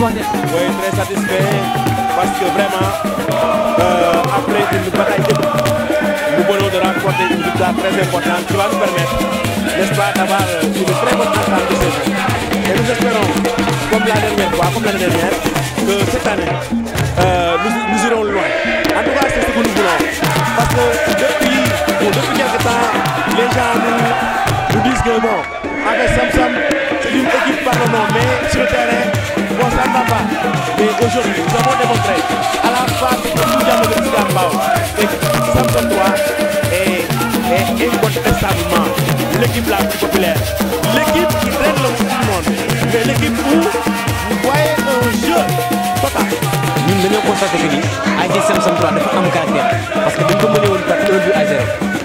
bueno Aujourd'hui, nous avons démontré à la fin nous dialogue de Moussambao que Samson 3 est, est incontestablement l'équipe la plus populaire. L'équipe qui traîne le plus du monde, mais l'équipe où vous voyez un jeu total. Nous devons constater que l'IT Samson 3 pas un caractère parce que nous avons mené un but à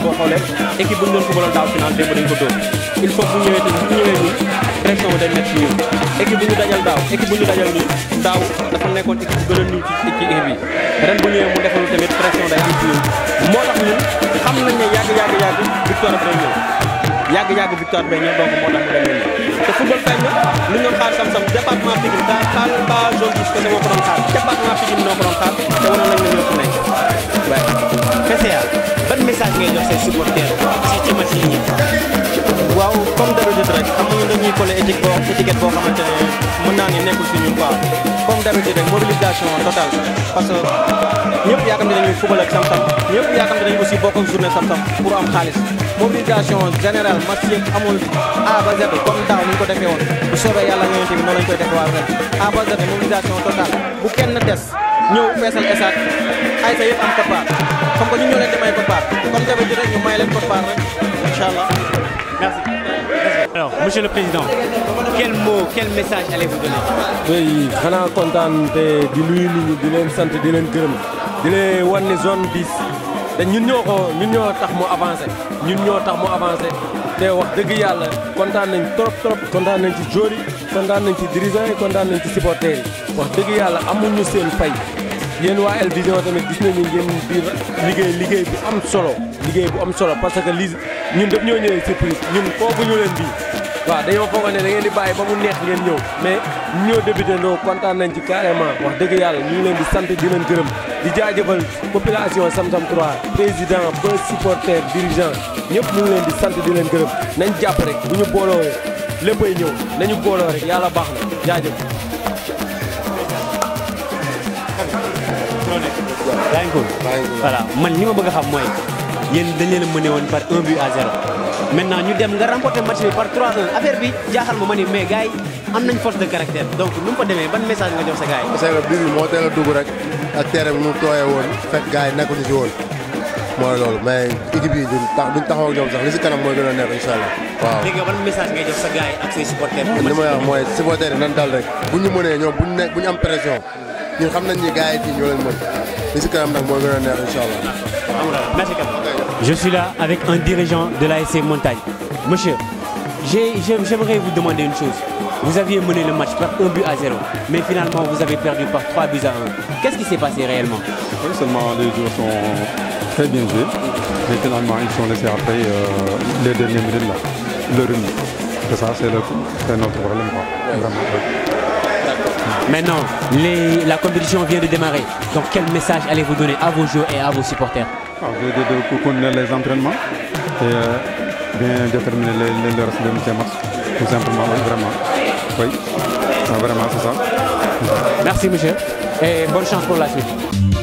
boo xoolee équipe bu ñu doon ko baloon daaw final démb dañ ko dóor il faut bu ñëwee tamit bu ñëwee ñun pression bi day nekk ci ñun équipe bu ñu dajal daaw équipe bu ñu dajal ñun daaw dafa nekkoon équipe bu gën a ci ci équipe ren bu ñëwee mu defal tamit pression day am ci ñun moo tax ñun xam nañ ne yàgg yàgg yàgg victoire bi day yàgg-yàgg victoire bay ñëw donc moo tax mu demee nii na lu ñu doon xaar sam-sam département Pikine ka xaal ba zone gis kese moo ko doon xaar département Pikine noo ko doon xaar te wane nañ ne nekk waaye PCA ban message ngay jox say supporters si ci match yi waaw comme d'habitude rek xam nga dañuy collé étiquette boo étiquette boo xamante ne mën naa ne nekkul si ñun quoi comme d'habitude rek mobilisation totale parce que ñëpp yaakaar nañu football ak sam-sam ñëpp yaakaar nañu aussi mobilisation générale match yëpp amul A ba Z comme daaw ni ñu ko defee woon bu soobee yàlla nga yonte bi noonu lañ koy defee waat ren A ba Z mobilisation totale bu kenn des ñëw fessel esaat ay sa yépp am ko paar comme nga ñu ñëw leen di ko paar comme d'habitude rek ñu may leen ko paar rek inshallah merci. alors monsieur le président quel mot quel message allez-vous donner. tey xanaa kontaan te di nuyu nit ñi di leen sant di leen gërëm di leen wan ne zone 10. te ñun ñoo ko ñun ñoo tax mu avancé ñun ñoo tax mu avancé te wax dëgg yàlla kontaan nañ trop trop kontaan nañ ci joueurs yi kontaan nañ ci dirigeants yi kontaan nañ ci supporters yi wax dëgg yàlla amuñu seen fay yéen waa El Vision tamit gis nañu ngeen di liggéey liggéey bu am solo liggéey bu am solo parce que lii ñun daf ñoo ñëwee surprise ñun fooguñu leen bii waaw dañoo foog ne da ngeen di bàyyi ba mu neex ngeen ñëw mais ñoo débuté ndoo kontaan nañ ci carrément wax dëgg yàlla ñu ngi leen di sant di leen gërëm di jaajëfal population Sam Sam 3 président ba supporter dirigeant ñëpp ñu ngi leen di sant di leen gërëm nañ jàpp rek bu ñu booloo rek léppay ñëw nañu booloo rek yàlla baax na jaajëf. yaa ngi man ñi ma bëgg a xam mooy yéen dañ leen a mëne woon par un but maintenant ñu dem nga remporter match bi par 3-1 bi jaaxal ma ma ni mais am nañ force de caractère donc nu mu ko demee ban message nga jox sa gars yi. parce que bii a yi nekkuñu ci woon mooy loolu mais équipe yi duñ tax sax li si kanam mooy gën a neex incha allah. waaw léegi ban message sa gars yi ak say supporters. li ma wax mooy supporters yi nan dal rek bu ñu mënee ñoom bu ñu ne bu ñu am pression xam nañ ni gars yi ñoo leen mën li si kanam nag mooy gën a neex incha Je suis là avec un dirigeant de l'ASC Montagne. Monsieur, j'aimerais vous demander une chose. Vous aviez mené le match par un but à zéro, mais finalement vous avez perdu par trois buts à un. Qu'est-ce qui s'est passé réellement les joueurs sont très bien joués. Mais finalement, ils sont laissés après euh, les derniers minutes là, le run. Et ça, c'est notre problème. Maintenant, la compétition vient de démarrer. Donc, quel message allez-vous donner à vos joueurs et à vos supporters ah, Vous de, de les entraînements et euh, bien déterminer le, reste de tout simplement, vraiment. Oui, ah, vraiment, c'est ça. Merci, monsieur, et bonne chance pour la suite.